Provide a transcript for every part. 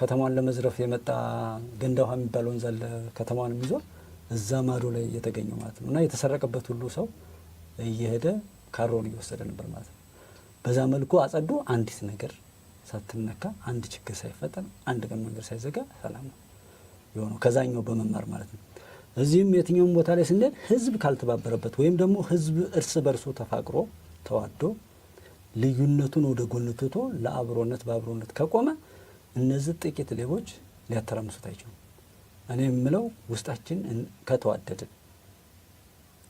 ከተማዋን ለመዝረፍ የመጣ ገንዳ ውሃ የሚባል ወንዝ አለ። ከተማዋን ይዞ እዛ ማዶ ላይ የተገኘ ማለት ነው እና የተሰረቀበት ሁሉ ሰው እየሄደ ካሮን እየወሰደ ነበር ማለት ነው። በዛ መልኩ አጸዱ። አንዲት ነገር ሳትነካ አንድ ችግር ሳይፈጠር አንድ ቀን መንገድ ሳይዘጋ ሰላም ነው የሆነው ከዛኛው በመማር ማለት ነው። እዚህም የትኛውም ቦታ ላይ ስንሄድ ህዝብ ካልተባበረበት ወይም ደግሞ ህዝብ እርስ በርሶ ተፋቅሮ ተዋዶ ልዩነቱን ወደ ጎን ትቶ ለአብሮነት በአብሮነት ከቆመ እነዚህ ጥቂት ሌቦች ሊያተራምሱት አይችሉም። እኔ የምለው ውስጣችን ከተዋደድን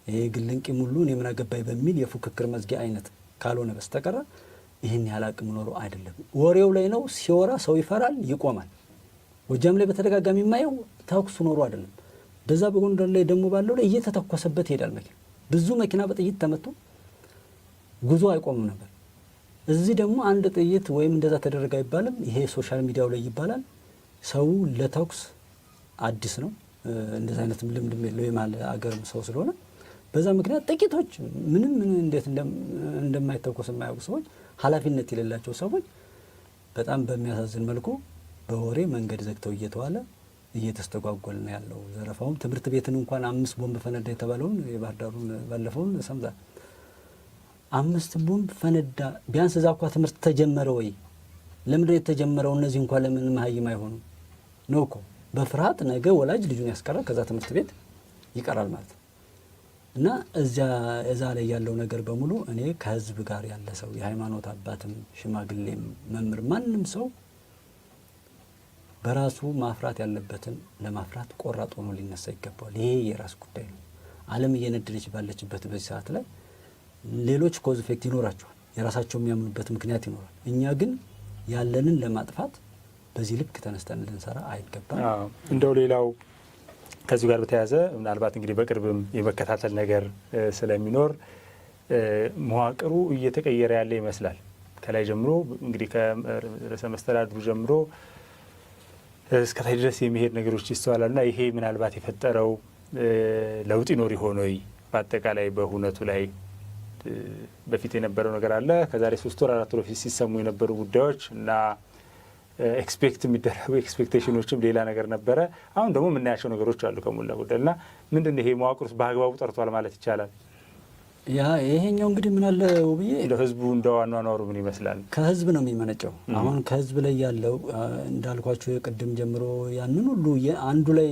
ይሄ ግልንቂ ሙሉ እኔ ምን አገባኝ በሚል የፉክክር መዝጊያ አይነት ካልሆነ በስተቀረ ይህን ያህል አቅም ኖሮ አይደለም። ወሬው ላይ ነው ሲወራ ሰው ይፈራል፣ ይቆማል። ጎጃም ላይ በተደጋጋሚ የማየው ተኩሱ ኖሮ አይደለም። በዛ በጎንደር ላይ ደግሞ ባለው ላይ እየተተኮሰበት ይሄዳል መኪና። ብዙ መኪና በጥይት ተመቶ ጉዞ አይቆምም ነበር። እዚህ ደግሞ አንድ ጥይት ወይም እንደዛ ተደረገ አይባልም። ይሄ ሶሻል ሚዲያው ላይ ይባላል። ሰው ለተኩስ አዲስ ነው። እንደዚህ አይነት ልምድም የለው የማለ አገርም ሰው ስለሆነ በዛ ምክንያት ጥቂቶች ምንም ምን እንዴት እንደማይተኮስ የማያውቁ ሰዎች፣ ኃላፊነት የሌላቸው ሰዎች በጣም በሚያሳዝን መልኩ በወሬ መንገድ ዘግተው እየተዋለ እየተስተጓጎል ነው ያለው። ዘረፋውም ትምህርት ቤትን እንኳን አምስት ቦምብ ፈነዳ የተባለውን የባህር ዳሩን ባለፈውን ሰምታል። አምስት ቦምብ ፈነዳ። ቢያንስ እዛ እኳ ትምህርት ተጀመረ ወይ? ለምድ የተጀመረው? እነዚህ እንኳ ለምን መሀይም አይሆኑ ነው እኮ በፍርሃት ነገ ወላጅ ልጁን ያስቀራል፣ ከዛ ትምህርት ቤት ይቀራል ማለት ነው። እና እዚያ እዛ ላይ ያለው ነገር በሙሉ እኔ ከህዝብ ጋር ያለ ሰው የሃይማኖት አባትም ሽማግሌም መምህር ማንም ሰው በራሱ ማፍራት ያለበትን ለማፍራት ቆራጥ ሆኖ ሊነሳ ይገባዋል። ይሄ የራስ ጉዳይ ነው። ዓለም እየነደደች ባለችበት በዚህ ሰዓት ላይ ሌሎች ኮዝ ኢፌክት ይኖራቸዋል። የራሳቸው የሚያምኑበት ምክንያት ይኖራል። እኛ ግን ያለንን ለማጥፋት በዚህ ልክ ተነስተን ልንሰራ አይገባም። እንደው ሌላው ከዚሁ ጋር በተያያዘ ምናልባት እንግዲህ በቅርብም የመከታተል ነገር ስለሚኖር መዋቅሩ እየተቀየረ ያለ ይመስላል። ከላይ ጀምሮ እንግዲህ ከርዕሰ መስተዳድሩ ጀምሮ እስከታይ ድረስ የሚሄድ ነገሮች ይስተዋላሉና ይሄ ምናልባት የፈጠረው ለውጥ ይኖር ይሆን ወይ በአጠቃላይ በሁነቱ ላይ በፊት የነበረው ነገር አለ። ከዛሬ ሶስት ወር አራት ወር በፊት ሲሰሙ የነበሩ ጉዳዮች እና ኤክስፔክት የሚደረጉ ኤክስፔክቴሽኖችም ሌላ ነገር ነበረ። አሁን ደግሞ የምናያቸው ነገሮች አሉ ከሞላ ጎደል እና ምንድን ይሄ መዋቅር ውስጥ በአግባቡ ጠርቷል ማለት ይቻላል። ያ ይሄኛው እንግዲህ ምን አለ ውብዬ፣ እንደ ህዝቡ እንደ ዋና ኗሩ ምን ይመስላል? ከህዝብ ነው የሚመነጨው። አሁን ከህዝብ ላይ ያለው እንዳልኳቸው የቅድም ጀምሮ ያንን ሁሉ አንዱ ላይ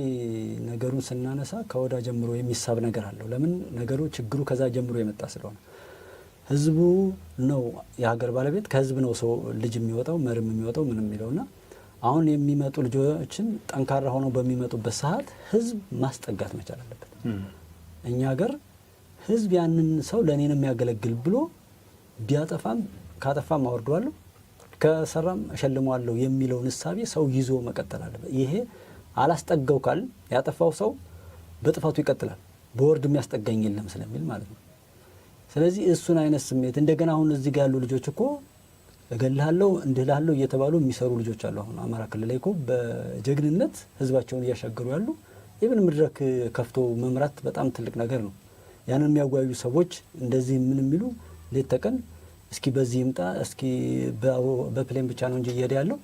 ነገሩን ስናነሳ ከወዳ ጀምሮ የሚሳብ ነገር አለው። ለምን ነገሩ ችግሩ ከዛ ጀምሮ የመጣ ስለሆነ ህዝቡ ነው የሀገር ባለቤት፣ ከህዝብ ነው ሰው ልጅ የሚወጣው መርም የሚወጣው ምንም የሚለው ና አሁን የሚመጡ ልጆችን ጠንካራ ሆነው በሚመጡበት ሰዓት ህዝብ ማስጠጋት መቻል አለበት። እኛ ሀገር ህዝብ ያንን ሰው ለእኔ ነው የሚያገለግል ብሎ ቢያጠፋም ካጠፋም አወርደዋለሁ ከሰራም እሸልመዋለሁ የሚለውን እሳቤ ሰው ይዞ መቀጠል አለበት። ይሄ አላስጠጋው ካል ያጠፋው ሰው በጥፋቱ ይቀጥላል። በወርድ የሚያስጠጋኝ የለም ስለሚል ማለት ነው። ስለዚህ እሱን አይነት ስሜት እንደገና አሁን እዚህ ጋር ያሉ ልጆች እኮ እገልሃለሁ እንድህላለሁ እየተባሉ የሚሰሩ ልጆች አሉ። አሁን አማራ ክልል ላይ እኮ በጀግንነት ህዝባቸውን እያሻገሩ ያሉ ኢብን መድረክ ከፍቶ መምራት በጣም ትልቅ ነገር ነው። ያንን የሚያጓዩ ሰዎች እንደዚህ ምን የሚሉ ሌት ተቀን እስኪ በዚህ ይምጣ እስኪ በፕሌን ብቻ ነው እንጂ እየሄደ ያለው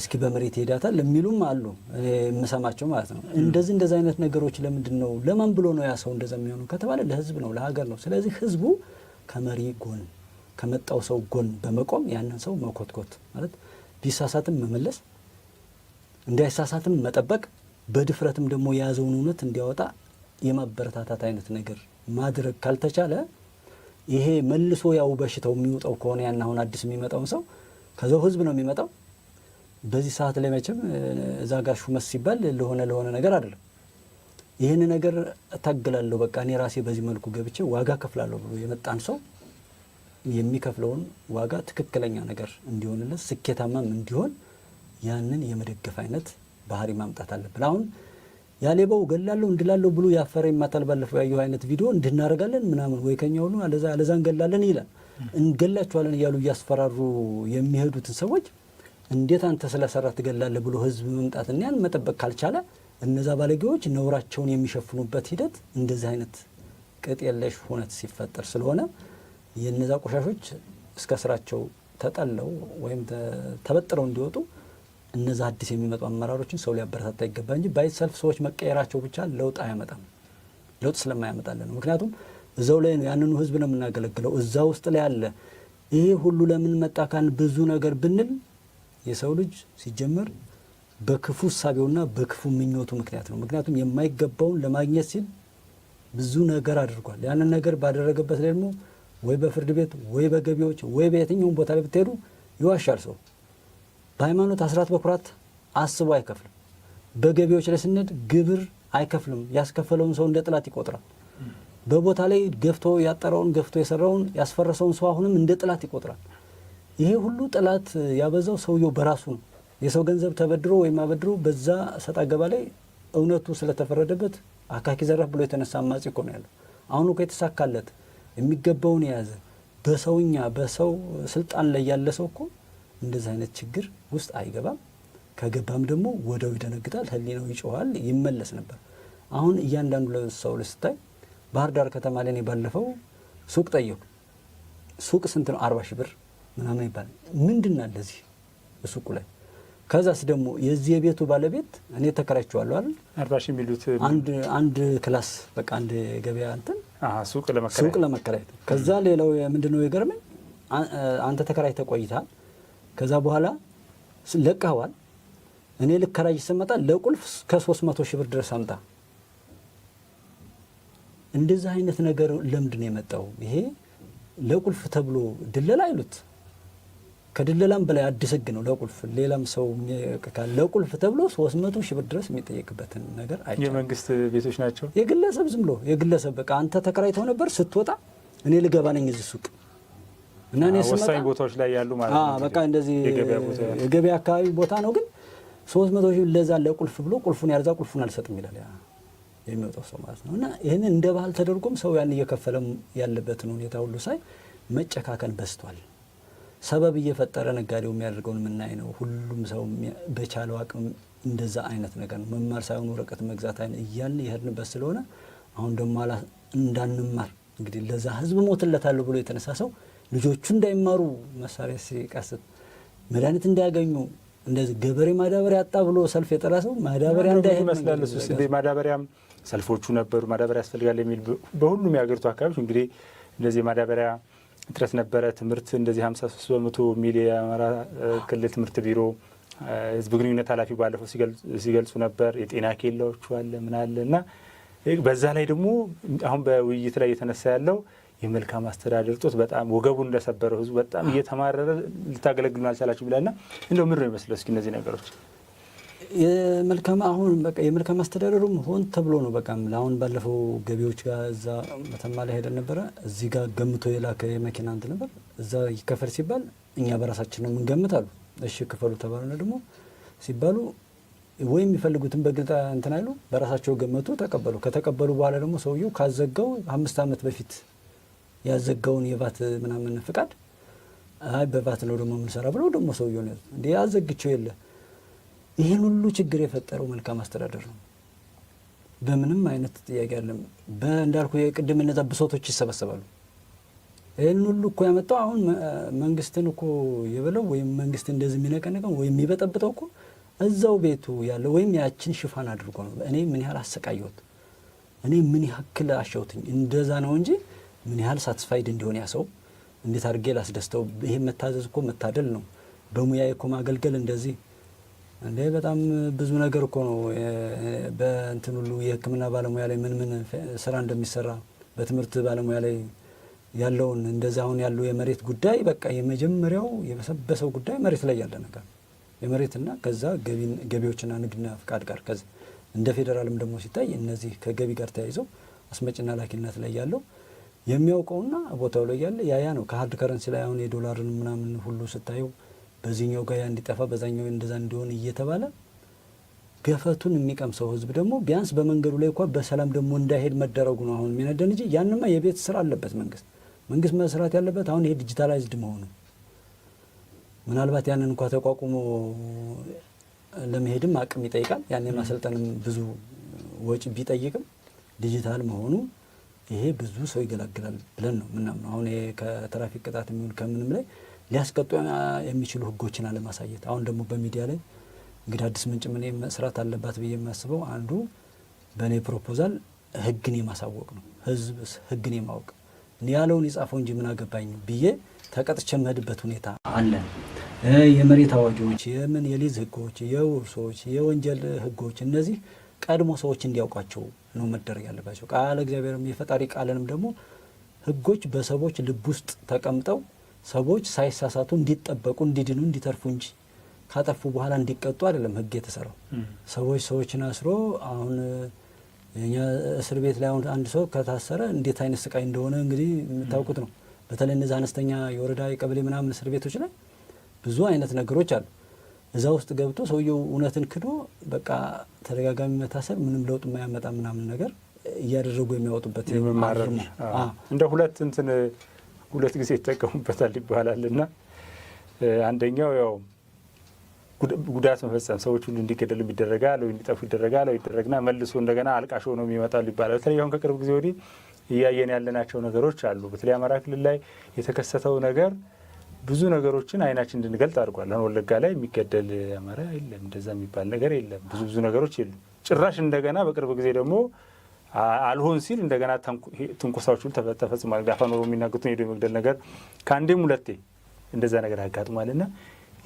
እስኪ በመሬት ሄዳታል የሚሉም አሉ የምሰማቸው ማለት ነው። እንደዚህ እንደዚህ አይነት ነገሮች ለምንድን ነው ለማን ብሎ ነው ያሰው እንደዛ የሚሆነው ከተባለ ለህዝብ ነው ለሀገር ነው። ስለዚህ ህዝቡ ከመሪ ጎን ከመጣው ሰው ጎን በመቆም ያንን ሰው መኮትኮት ማለት ቢሳሳትም መመለስ፣ እንዳይሳሳትም መጠበቅ፣ በድፍረትም ደግሞ የያዘውን እውነት እንዲያወጣ የማበረታታት አይነት ነገር ማድረግ ካልተቻለ ይሄ መልሶ ያው በሽታው የሚወጣው ከሆነ ያን አሁን አዲስ የሚመጣውን ሰው ከዛው ህዝብ ነው የሚመጣው በዚህ ሰዓት ላይ መቼም እዛ ጋር ሹመት ሲባል ለሆነ ለሆነ ነገር አይደለም። ይህን ነገር እታግላለሁ፣ በቃ እኔ ራሴ በዚህ መልኩ ገብቼ ዋጋ ከፍላለሁ ብሎ የመጣን ሰው የሚከፍለውን ዋጋ ትክክለኛ ነገር እንዲሆንለት ስኬታማም እንዲሆን ያንን የመደገፍ አይነት ባህሪ ማምጣት አለብን። አሁን ያሌባው ገላለሁ እንድላለሁ ብሎ ያፈረ ይማታል። ባለፈው ያየሁ አይነት ቪዲዮ እንድናደርጋለን ምናምን ወይ ከኛ ሁሉ አለዛ እንገላለን ይላል እንገላችኋለን እያሉ እያስፈራሩ የሚሄዱትን ሰዎች እንዴት አንተ ስለሰራ ትገላለህ ብሎ ህዝብ መምጣትና ያን መጠበቅ ካልቻለ እነዛ ባለጌዎች ነውራቸውን የሚሸፍኑበት ሂደት እንደዚህ አይነት ቅጥ የለሽ ሁነት ሲፈጠር ስለሆነ የእነዛ ቆሻሾች እስከ ስራቸው ተጠለው ወይም ተበጥረው እንዲወጡ እነዛ አዲስ የሚመጡ አመራሮችን ሰው ሊያበረታታ ይገባ እንጂ ባይ ሰልፍ ሰዎች መቀየራቸው ብቻ ለውጥ አያመጣም። ለውጥ ስለማያመጣለ ነው። ምክንያቱም እዛው ላይ ነው ያንኑ ህዝብ ነው የምናገለግለው። እዛ ውስጥ ላይ ያለ ይሄ ሁሉ ለምን መጣ ብዙ ነገር ብንል የሰው ልጅ ሲጀመር በክፉ እሳቤውና በክፉ ምኞቱ ምክንያት ነው። ምክንያቱም የማይገባውን ለማግኘት ሲል ብዙ ነገር አድርጓል። ያንን ነገር ባደረገበት ላይ ደግሞ ወይ በፍርድ ቤት ወይ በገቢዎች ወይ በየትኛውም ቦታ ላይ ብትሄዱ ይዋሻል ሰው። በሃይማኖት አስራት በኩራት አስቦ አይከፍልም። በገቢዎች ላይ ስንሄድ ግብር አይከፍልም። ያስከፈለውን ሰው እንደ ጥላት ይቆጥራል። በቦታ ላይ ገፍቶ ያጠረውን ገፍቶ የሰራውን ያስፈረሰውን ሰው አሁንም እንደ ጥላት ይቆጥራል። ይሄ ሁሉ ጥላት ያበዛው ሰውየው በራሱ ነው። የሰው ገንዘብ ተበድሮ ወይም አበድሮ በዛ ሰጣ አገባ ላይ እውነቱ ስለተፈረደበት አካኪ ዘራፍ ብሎ የተነሳ አማጺ እኮ ነው ያለው። አሁን እኮ የተሳካለት የሚገባውን የያዘ በሰውኛ በሰው ስልጣን ላይ ያለ ሰው እኮ እንደዚህ አይነት ችግር ውስጥ አይገባም። ከገባም ደግሞ ወደው ይደነግጣል፣ ህሊናው ይጮኋል፣ ይመለስ ነበር። አሁን እያንዳንዱ ሰው ስታይ ባህር ዳር ከተማ ላይ እኔ ባለፈው ሱቅ ጠየቁ። ሱቅ ስንት ነው? አርባ ሺህ ብር ምናምን ይባላል። ምንድን አለ እዚህ ላይ? ከዛስ ደግሞ የዚህ የቤቱ ባለቤት እኔ ተከራይቼዋለሁ አይደል? አርባ ሺህ የሚሉት አንድ ክላስ በቃ አንድ ገበያ እንትን ሱቅ ለመከራየት። ከዛ ሌላው ምንድነው የገርመኝ አንተ ተከራይ ተቆይታል ከዛ በኋላ ለቀዋል እኔ ልከራይ ስመጣ ለቁልፍ ከሶስት መቶ ሺህ ብር ድረስ አምጣ። እንደዚህ አይነት ነገር ለምንድን የመጣው? ይሄ ለቁልፍ ተብሎ ድለላ አይሉት ከድለላም በላይ አዲስ ህግ ነው ለቁልፍ ሌላም ሰው ለቁልፍ ተብሎ ሶስት መቶ ሺህ ብር ድረስ የሚጠየቅበትን ነገር አይ የመንግስት ቤቶች ናቸው። የግለሰብ ዝም ብሎ የግለሰብ በቃ አንተ ተከራይተው ነበር ስትወጣ እኔ ልገባ ነኝ እዚህ ሱቅ እና እኔ ወሳኝ ቦታዎች ላይ ያሉ ማለት ነው። በቃ እንደዚህ የገበያ አካባቢ ቦታ ነው ግን ሶስት መቶ ሺህ ለዛ ለቁልፍ ብሎ ቁልፉን ያርዛ ቁልፉን አልሰጥም ይላል የሚወጣው ሰው ማለት ነው። እና ይህንን እንደ ባህል ተደርጎም ሰው ያን እየከፈለም ያለበትን ሁኔታ ሁሉ ሳይ መጨካከን በስቷል ሰበብ እየፈጠረ ነጋዴው የሚያደርገውን የምናይ ነው። ሁሉም ሰው በቻለው አቅም እንደዛ አይነት ነገር ነው መማር ሳይሆን ወረቀት መግዛት አይነት እያልን የሄድንበት ስለሆነ አሁን ደግሞ እንዳንማር እንግዲህ ለዛ ህዝብ ሞትለታለሁ ብሎ የተነሳ ሰው ልጆቹ እንዳይማሩ መሳሪያ ሲቀስት መድኃኒት እንዳያገኙ እንደዚህ ገበሬ ማዳበሪያ አጣ ብሎ ሰልፍ የጠራ ሰው ማዳበሪያ እንዳይመስላል። ይመስላል። ማዳበሪያም ሰልፎቹ ነበሩ። ማዳበሪያ ያስፈልጋል የሚል በሁሉም የሀገሪቱ አካባቢዎች እንግዲህ እንደዚህ ማዳበሪያ ኢንትረስት ነበረ። ትምህርት እንደዚህ 53 በመቶ ሚል የአማራ ክልል ትምህርት ቢሮ ህዝብ ግንኙነት ኃላፊ ባለፈው ሲገልጹ ነበር። የጤና ኬላዎቹ አለ ምን አለ እና በዛ ላይ ደግሞ አሁን በውይይት ላይ እየተነሳ ያለው የመልካም አስተዳደር ጦት በጣም ወገቡን እንደሰበረው ህዝቡ በጣም እየተማረረ ልታገለግሉን አልቻላችሁ ብላልና እንደው ምንድን ነው ይመስለው እስኪ እነዚህ ነገሮች የመልካም አሁን በቃ የመልካም አስተዳደሩም ሆን ተብሎ ነው። በቃ አሁን ባለፈው ገቢዎች ጋር እዛ መተማ ላይ ሄደን ነበረ። እዚህ ጋር ገምቶ የላከ የመኪና እንትን ነበር። እዛ ይከፈል ሲባል እኛ በራሳችን ነው የምንገምት አሉ። እሺ ክፈሉ ተባሉና ደግሞ ሲባሉ ወይም የሚፈልጉትን በግልጥ እንትን አይሉ በራሳቸው ገመቱ፣ ተቀበሉ። ከተቀበሉ በኋላ ደግሞ ሰውየው ካዘጋው አምስት ዓመት በፊት ያዘጋውን የቫት ምናምን ፍቃድ አይ በቫት ነው ደግሞ የምንሰራ ብለው ደግሞ ሰውየው ነው እንዲ አዘግቸው የለ ይህን ሁሉ ችግር የፈጠረው መልካም አስተዳደር ነው። በምንም አይነት ጥያቄ አለም። እንዳልኩ የቅድም እነዛ ብሶቶች ይሰበሰባሉ። ይህን ሁሉ እኮ ያመጣው አሁን መንግስትን እኮ የበለው ወይም መንግስት እንደዚህ የሚነቀንቀው ወይም የሚበጠብጠው እኮ እዛው ቤቱ ያለ ወይም ያችን ሽፋን አድርጎ ነው። እኔ ምን ያህል አሰቃየሁት፣ እኔ ምን ያክል አሸውትኝ፣ እንደዛ ነው እንጂ ምን ያህል ሳትስፋይድ እንዲሆን ያ ሰው እንዴት አድርጌ ላስደስተው። ይሄ መታዘዝ እኮ መታደል ነው። በሙያ እኮ ማገልገል እንደዚህ እንዴ በጣም ብዙ ነገር እኮ ነው። በእንትን ሁሉ የህክምና ባለሙያ ላይ ምን ምን ስራ እንደሚሰራ በትምህርት ባለሙያ ላይ ያለውን እንደዛ አሁን ያለው የመሬት ጉዳይ በቃ የመጀመሪያው የበሰበሰው ጉዳይ መሬት ላይ ያለ ነገር የመሬትና ከዛ ገቢዎችና ንግድና ፍቃድ ጋር ከዚ እንደ ፌዴራልም ደግሞ ሲታይ እነዚህ ከገቢ ጋር ተያይዘው አስመጭና ላኪነት ላይ ያለው የሚያውቀውና ቦታው ላይ ያለ ያያ ነው። ከሀርድ ከረንሲ ላይ አሁን የዶላርን ምናምን ሁሉ ስታየው በዚህኛው ጋያ እንዲጠፋ በዛኛው እንደዛ እንዲሆን እየተባለ ገፈቱን የሚቀምሰው ህዝብ ደግሞ ቢያንስ በመንገዱ ላይ እኳ በሰላም ደግሞ እንዳይሄድ መደረጉ ነው አሁን የሚነደን እንጂ ያንማ የቤት ስራ አለበት መንግስት። መንግስት መስራት ያለበት አሁን ይሄ ዲጂታላይዝድ መሆኑ ምናልባት ያንን እንኳ ተቋቁሞ ለመሄድም አቅም ይጠይቃል። ያን የማሰልጠንም ብዙ ወጪ ቢጠይቅም ዲጂታል መሆኑ ይሄ ብዙ ሰው ይገላግላል ብለን ነው ምናምን አሁን ይሄ ከትራፊክ ቅጣት የሚሆን ከምንም ላይ ሊያስቀጡ የሚችሉ ህጎችን አለማሳየት። አሁን ደግሞ በሚዲያ ላይ እንግዲህ አዲስ ምንጭ ምን መስራት አለባት ብዬ የሚያስበው አንዱ በእኔ ፕሮፖዛል ህግን የማሳወቅ ነው፣ ህዝብ ህግን የማወቅ እኔ ያለውን የጻፈው እንጂ ምን አገባኝ ብዬ ተቀጥቼ የምሄድበት ሁኔታ አለ። የመሬት አዋጆች፣ የምን የሊዝ ህጎች፣ የውርሶች፣ የወንጀል ህጎች እነዚህ ቀድሞ ሰዎች እንዲያውቋቸው ነው መደረግ ያለባቸው። ቃለ እግዚአብሔርም የፈጣሪ ቃልንም ደግሞ ህጎች በሰዎች ልብ ውስጥ ተቀምጠው ሰዎች ሳይሳሳቱ እንዲጠበቁ፣ እንዲድኑ፣ እንዲተርፉ እንጂ ካጠፉ በኋላ እንዲቀጡ አይደለም ህግ የተሰራው። ሰዎች ሰዎችን አስሮ አሁን እኛ እስር ቤት ላይ አሁን አንድ ሰው ከታሰረ እንዴት አይነት ስቃይ እንደሆነ እንግዲህ የምታውቁት ነው። በተለይ እነዚህ አነስተኛ የወረዳ የቀበሌ ምናምን እስር ቤቶች ላይ ብዙ አይነት ነገሮች አሉ። እዛ ውስጥ ገብቶ ሰውየው እውነትን ክዶ በቃ ተደጋጋሚ መታሰር ምንም ለውጥ የማያመጣ ምናምን ነገር እያደረጉ የሚያወጡበት እንደ ሁለት እንትን ሁለት ጊዜ ይጠቀሙበታል ይባላል እና አንደኛው ያው ጉዳት መፈጸም ሰዎች ሁሉ እንዲገደሉ ይደረጋል ወይ እንዲጠፉ ይደረጋል ወይ ይደረግና መልሶ እንደገና አልቃሽ ሆነው ይመጣሉ ይባላል። በተለይ አሁን ከቅርብ ጊዜ ወዲህ እያየን ያለናቸው ነገሮች አሉ። በተለይ አማራ ክልል ላይ የተከሰተው ነገር ብዙ ነገሮችን አይናችን እንድንገልጥ አድርጓል። አሁን ወለጋ ላይ የሚገደል አማራ የለም፣ እንደዛ የሚባል ነገር የለም። ብዙ ብዙ ነገሮች የሉ ጭራሽ እንደገና በቅርብ ጊዜ ደግሞ አልሆን ሲል እንደገና ትንኮሳዎች ተፈጽሟል። ጋፋ ኖሮ የሚናገቱን ሄዶ የመግደል ነገር ከአንዴም ሁለቴ እንደዛ ነገር ያጋጥማልና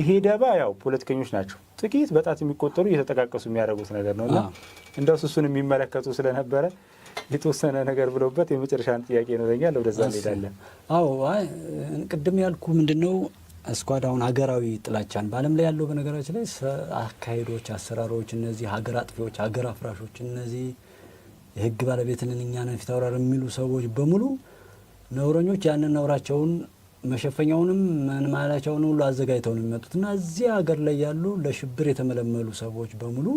ይሄ ደባ ያው ፖለቲከኞች ናቸው ጥቂት በጣት የሚቆጠሩ እየተጠቃቀሱ የሚያደርጉት ነገር ነው እና እንደሱ እሱን የሚመለከቱ ስለነበረ የተወሰነ ነገር ብለውበት የመጨረሻን ጥያቄ ይኖረኛል። ወደዛ እንሄዳለን። አዎ ቅድም ያልኩ ምንድን ነው እስኳድ አሁን ሀገራዊ ጥላቻን በዓለም ላይ ያለው በነገራችን ላይ አካሄዶች፣ አሰራሮች እነዚህ ሀገር አጥፊዎች፣ ሀገር አፍራሾች እነዚህ የህግ ባለቤትንን እኛንን ፊት አውራር የሚሉ ሰዎች በሙሉ ነውረኞች ያንን ነውራቸውን መሸፈኛውንም መንማላቸውን ሁሉ አዘጋጅተው ነው የሚመጡት እና እዚህ ሀገር ላይ ያሉ ለሽብር የተመለመሉ ሰዎች በሙሉ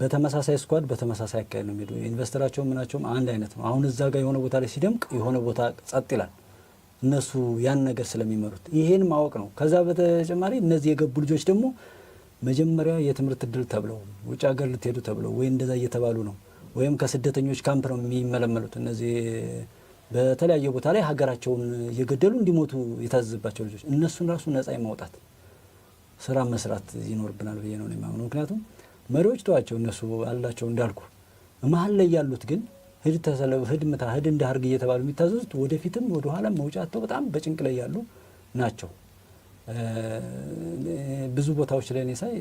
በተመሳሳይ ስኳድ በተመሳሳይ አካሄድ ነው የሚሄዱ። ኢንቨስተራቸው ምናቸውም አንድ አይነት ነው። አሁን እዛ ጋር የሆነ ቦታ ላይ ሲደምቅ የሆነ ቦታ ጸጥ ይላል። እነሱ ያን ነገር ስለሚመሩት ይሄን ማወቅ ነው። ከዛ በተጨማሪ እነዚህ የገቡ ልጆች ደግሞ መጀመሪያ የትምህርት እድል ተብለው ውጭ ሀገር ልትሄዱ ተብለው ወይ እንደዛ እየተባሉ ነው ወይም ከስደተኞች ካምፕ ነው የሚመለመሉት። እነዚህ በተለያየ ቦታ ላይ ሀገራቸውን እየገደሉ እንዲሞቱ የታዘዝባቸው ልጆች እነሱን ራሱ ነጻ የማውጣት ስራ መስራት ይኖርብናል ብዬ ነው የማምነው። ምክንያቱም መሪዎች ተዋቸው እነሱ አላቸው እንዳልኩ፣ መሀል ላይ ያሉት ግን ህድ ተሰለብ፣ ህድ ምታ፣ ህድ እንደ እየተባሉ የሚታዘዙት ወደፊትም ወደኋላም መውጫ በጣም በጭንቅ ላይ ያሉ ናቸው። ብዙ ቦታዎች ላይ እኔ ሳይ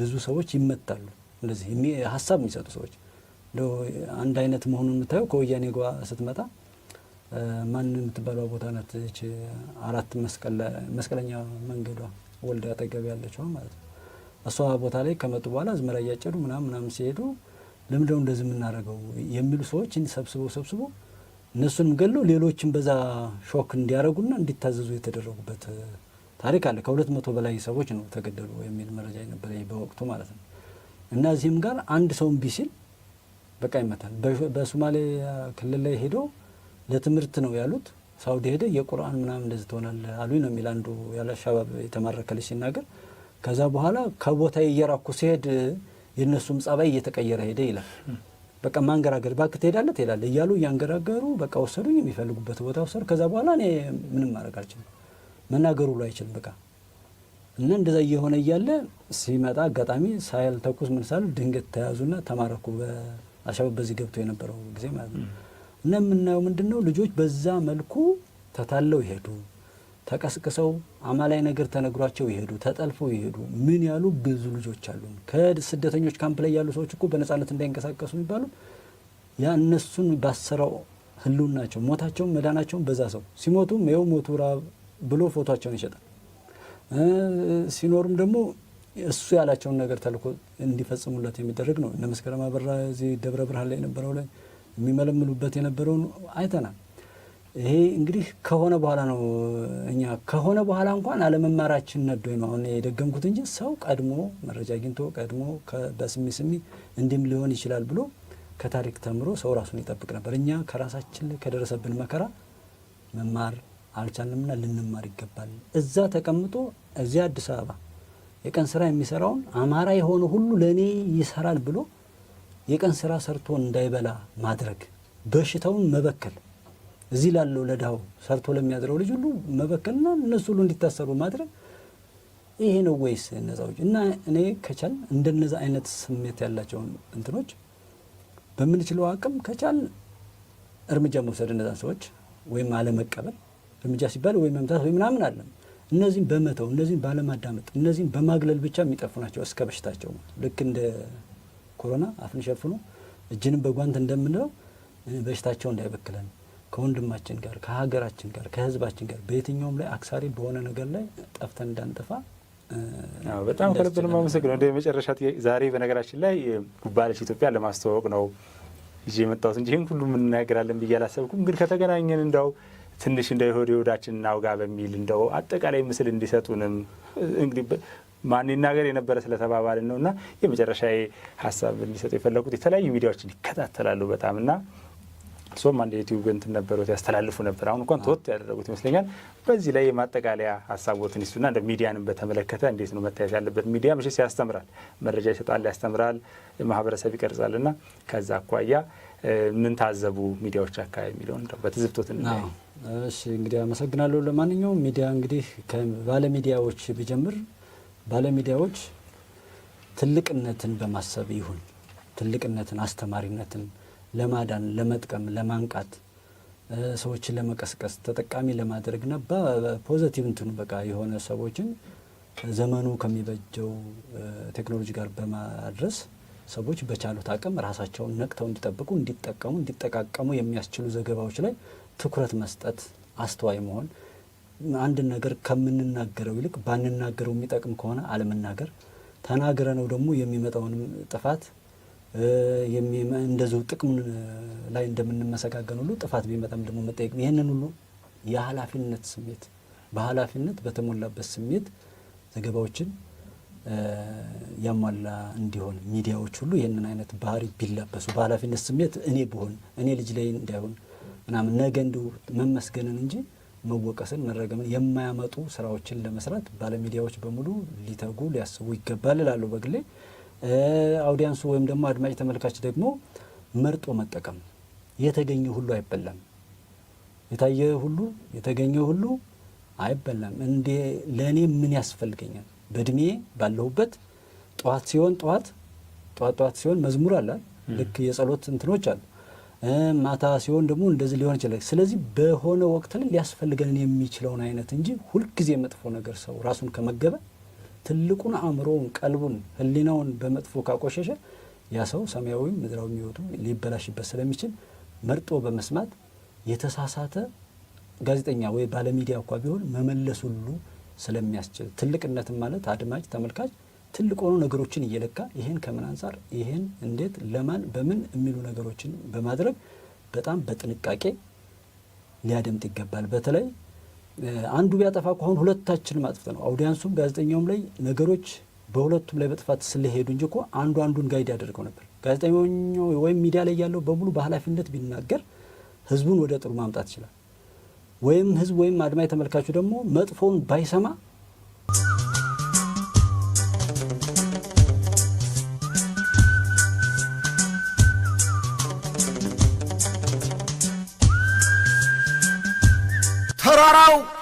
ብዙ ሰዎች ይመታሉ። እንደዚህ ሀሳብ የሚሰጡ ሰዎች አንድ አይነት መሆኑን የምታየው ከወያኔ ጓ ስትመጣ ማን የምትባለ ቦታ ናት ች አራት መስቀለኛ መንገዷ ወልድ አጠገብ ያለችው ማለት ነው። እሷ ቦታ ላይ ከመጡ በኋላ አዝመራ እያጨዱ ምናም ምናም ሲሄዱ ለምንድነው እንደዚህ የምናደርገው የሚሉ ሰዎች ሰብስበው ሰብስቦ እነሱንም ገለው ሌሎችን በዛ ሾክ እንዲያደርጉና እንዲታዘዙ የተደረጉበት ታሪክ አለ። ከሁለት መቶ በላይ ሰዎች ነው ተገደሉ የሚል መረጃ የነበረ በወቅቱ ማለት ነው። እና እዚህም ጋር አንድ ሰውን ቢሲል በቃ ይመታል። በሶማሌ ክልል ላይ ሄዶ ለትምህርት ነው ያሉት። ሳውዲ ሄደ የቁርአን ምናምን እንደዚህ ትሆናል አሉኝ ነው የሚል አንዱ ያለአሻባብ የተማረከ ልጅ ሲናገር፣ ከዛ በኋላ ከቦታ እየራኩ ሲሄድ የእነሱም ጸባይ እየተቀየረ ሄደ ይላል። በቃ ማንገራገር ባክ ትሄዳለህ ትሄዳለህ እያሉ እያንገራገሩ በቃ ወሰዱኝ፣ የሚፈልጉበት ቦታ ወሰዱ። ከዛ በኋላ እኔ ምንም ማድረግ አልችልም። መናገሩ ሁሉ አይችልም በቃ እና እንደዛ እየሆነ እያለ ሲመጣ አጋጣሚ ሳይል ተኩስ ምን ሳል ድንገት ተያዙና ተማረኩ። በአሻበብ በዚህ ገብቶ የነበረው ጊዜ ማለት ነው። እና የምናየው ምንድን ነው ልጆች በዛ መልኩ ተታለው ይሄዱ፣ ተቀስቅሰው አማላይ ነገር ተነግሯቸው ይሄዱ፣ ተጠልፈው ይሄዱ። ምን ያሉ ብዙ ልጆች አሉ። ከስደተኞች ካምፕ ላይ ያሉ ሰዎች እኮ በነጻነት እንዳይንቀሳቀሱ የሚባሉ ያ እነሱን ባሰራው ህልውናቸው ሞታቸውን መዳናቸውን በዛ ሰው ሲሞቱም ይኸው ሞቱ ራብ ብሎ ፎቶቸውን ይሸጣል። ሲኖርም ደግሞ እሱ ያላቸውን ነገር ተልኮ እንዲፈጽሙለት የሚደረግ ነው። እነ መስከረም አበራ እዚህ ደብረ ብርሃን ላይ የነበረው ላይ የሚመለምሉበት የነበረውን አይተናል። ይሄ እንግዲህ ከሆነ በኋላ ነው። እኛ ከሆነ በኋላ እንኳን አለመማራችን ነዶኝ ነው አሁን የደገምኩት እንጂ ሰው ቀድሞ መረጃ አግኝቶ ቀድሞ በስሚ ስሚ እንዲም ሊሆን ይችላል ብሎ ከታሪክ ተምሮ ሰው ራሱን ይጠብቅ ነበር። እኛ ከራሳችን ላይ ከደረሰብን መከራ መማር አልቻለምና ልንማር ይገባል። እዛ ተቀምጦ እዚያ አዲስ አበባ የቀን ስራ የሚሰራውን አማራ የሆነ ሁሉ ለእኔ ይሰራል ብሎ የቀን ስራ ሰርቶ እንዳይበላ ማድረግ፣ በሽታውን መበከል፣ እዚህ ላለው ለድሃው ሰርቶ ለሚያድረው ልጅ ሁሉ መበከልና እነሱ ሁሉ እንዲታሰሩ ማድረግ ይሄ ነው ወይስ እነዛዎች? እና እኔ ከቻል እንደነዛ አይነት ስሜት ያላቸውን እንትኖች በምንችለው አቅም ከቻል እርምጃ መውሰድ እነዛን ሰዎች ወይም አለመቀበል እርምጃ ሲባል ወይ መምታት ወይ ምናምን አለም። እነዚህም በመተው እነዚህም ባለማዳመጥ እነዚህም በማግለል ብቻ የሚጠፉ ናቸው እስከ በሽታቸው። ልክ እንደ ኮሮና አፍን ሸፍኖ እጅንም በጓንት እንደምንለው በሽታቸው እንዳይበክለን ከወንድማችን ጋር ከሀገራችን ጋር ከህዝባችን ጋር በየትኛውም ላይ አክሳሪ በሆነ ነገር ላይ ጠፍተን እንዳንጠፋ በጣም ከልብ የማመሰግነው። እንደ መጨረሻ ዛሬ በነገራችን ላይ ጉባለች ኢትዮጵያ ለማስተዋወቅ ነው ይዤ የመጣሁት እንጂ ይህን ሁሉ የምንናገራለን ብዬ አላሰብኩም። ግን ከተገናኘን እንዳው ትንሽ እንደ የሆድ የሆዳችን እናውጋ በሚል እንደው አጠቃላይ ምስል እንዲሰጡንም እንግዲህ ማን ይናገር የነበረ ስለተባባልን ነው እና የመጨረሻ ሀሳብ እንዲሰጡ የፈለጉት የተለያዩ ሚዲያዎችን ይከታተላሉ በጣም እና እሱም አንድ የዩቲዩብ እንትን ነበሩት ያስተላልፉ ነበር። አሁን እንኳን ተወት ያደረጉት ይመስለኛል። በዚህ ላይ የማጠቃለያ ሀሳቦትን ይሱና እንደ ሚዲያንም በተመለከተ እንዴት ነው መታየት ያለበት? ሚዲያ መቼስ ያስተምራል፣ መረጃ ይሰጣል፣ ያስተምራል፣ ማህበረሰብ ይቀርጻል። እና ከዛ አኳያ ምን ታዘቡ ሚዲያዎች አካባቢ የሚለውን በትዝብቶት እሺ እንግዲህ አመሰግናለሁ። ለማንኛውም ሚዲያ እንግዲህ ሚዲያዎች ቢጀምር ባለሚዲያዎች ትልቅነትን በማሰብ ይሁን ትልቅነትን፣ አስተማሪነትን ለማዳን ለመጥቀም፣ ለማንቃት፣ ሰዎችን ለመቀስቀስ ተጠቃሚ ለማድረግ ና በፖዘቲቭ እንትኑ በቃ የሆነ ሰዎችን ዘመኑ ከሚበጀው ቴክኖሎጂ ጋር በማድረስ ሰዎች በቻሉት አቅም ራሳቸውን ነቅተው እንዲጠብቁ፣ እንዲጠቀሙ፣ እንዲጠቃቀሙ የሚያስችሉ ዘገባዎች ላይ ትኩረት መስጠት፣ አስተዋይ መሆን፣ አንድን ነገር ከምንናገረው ይልቅ ባንናገረው የሚጠቅም ከሆነ አለመናገር፣ ተናግረ ነው ደግሞ የሚመጣውንም ጥፋት እንደዚሁ ጥቅም ላይ እንደምንመሰጋገን ሁሉ ጥፋት ቢመጣም ደግሞ መጠየቅ፣ ይህንን ሁሉ የኃላፊነት ስሜት በኃላፊነት በተሞላበት ስሜት ዘገባዎችን ያሟላ እንዲሆን ሚዲያዎች ሁሉ ይህንን አይነት ባህሪ ቢላበሱ በኃላፊነት ስሜት እኔ ብሆን እኔ ልጅ ላይ እንዳይሆን ምናምን ነገ እንዲሁ መመስገንን እንጂ መወቀስን መረገምን የማያመጡ ስራዎችን ለመስራት ባለሚዲያዎች በሙሉ ሊተጉ ሊያስቡ ይገባል እላለሁ በግሌ። አውዲያንሱ ወይም ደግሞ አድማጭ ተመልካች ደግሞ መርጦ መጠቀም። የተገኘ ሁሉ አይበላም፣ የታየ ሁሉ የተገኘ ሁሉ አይበላም። እንዴ ለእኔ ምን ያስፈልገኛል? በእድሜ ባለሁበት ጠዋት ሲሆን ጠዋት ጠዋት ጠዋት ሲሆን መዝሙር አላል ልክ የጸሎት እንትኖች አሉ ማታ ሲሆን ደግሞ እንደዚህ ሊሆን ይችላል። ስለዚህ በሆነ ወቅት ላይ ሊያስፈልገን የሚችለውን አይነት እንጂ ሁልጊዜ መጥፎ ነገር ሰው ራሱን ከመገበ ትልቁን አእምሮውን፣ ቀልቡን፣ ህሊናውን በመጥፎ ካቆሸሸ ያ ሰው ሰማያዊም ምድራዊ ሕይወቱ ሊበላሽበት ስለሚችል መርጦ በመስማት የተሳሳተ ጋዜጠኛ ወይ ባለሚዲያ እኳ ቢሆን መመለስ ሁሉ ስለሚያስችል ትልቅነትም ማለት አድማጭ ተመልካች ትልቅ ሆኖ ነገሮችን እየለካ ይሄን ከምን አንጻር ይሄን እንዴት ለማን በምን የሚሉ ነገሮችን በማድረግ በጣም በጥንቃቄ ሊያደምጥ ይገባል። በተለይ አንዱ ቢያጠፋ ከሆን ሁለታችን ማጥፍት ነው። አውዲያንሱም ጋዜጠኛውም ላይ ነገሮች በሁለቱም ላይ በጥፋት ስለሄዱ እንጂ እኮ አንዱ አንዱን ጋይድ ያደርገው ነበር። ጋዜጠኛው ወይም ሚዲያ ላይ ያለው በሙሉ በኃላፊነት ቢናገር ህዝቡን ወደ ጥሩ ማምጣት ይችላል። ወይም ህዝብ ወይም አድማ ተመልካቹ ደግሞ መጥፎውን ባይሰማ out.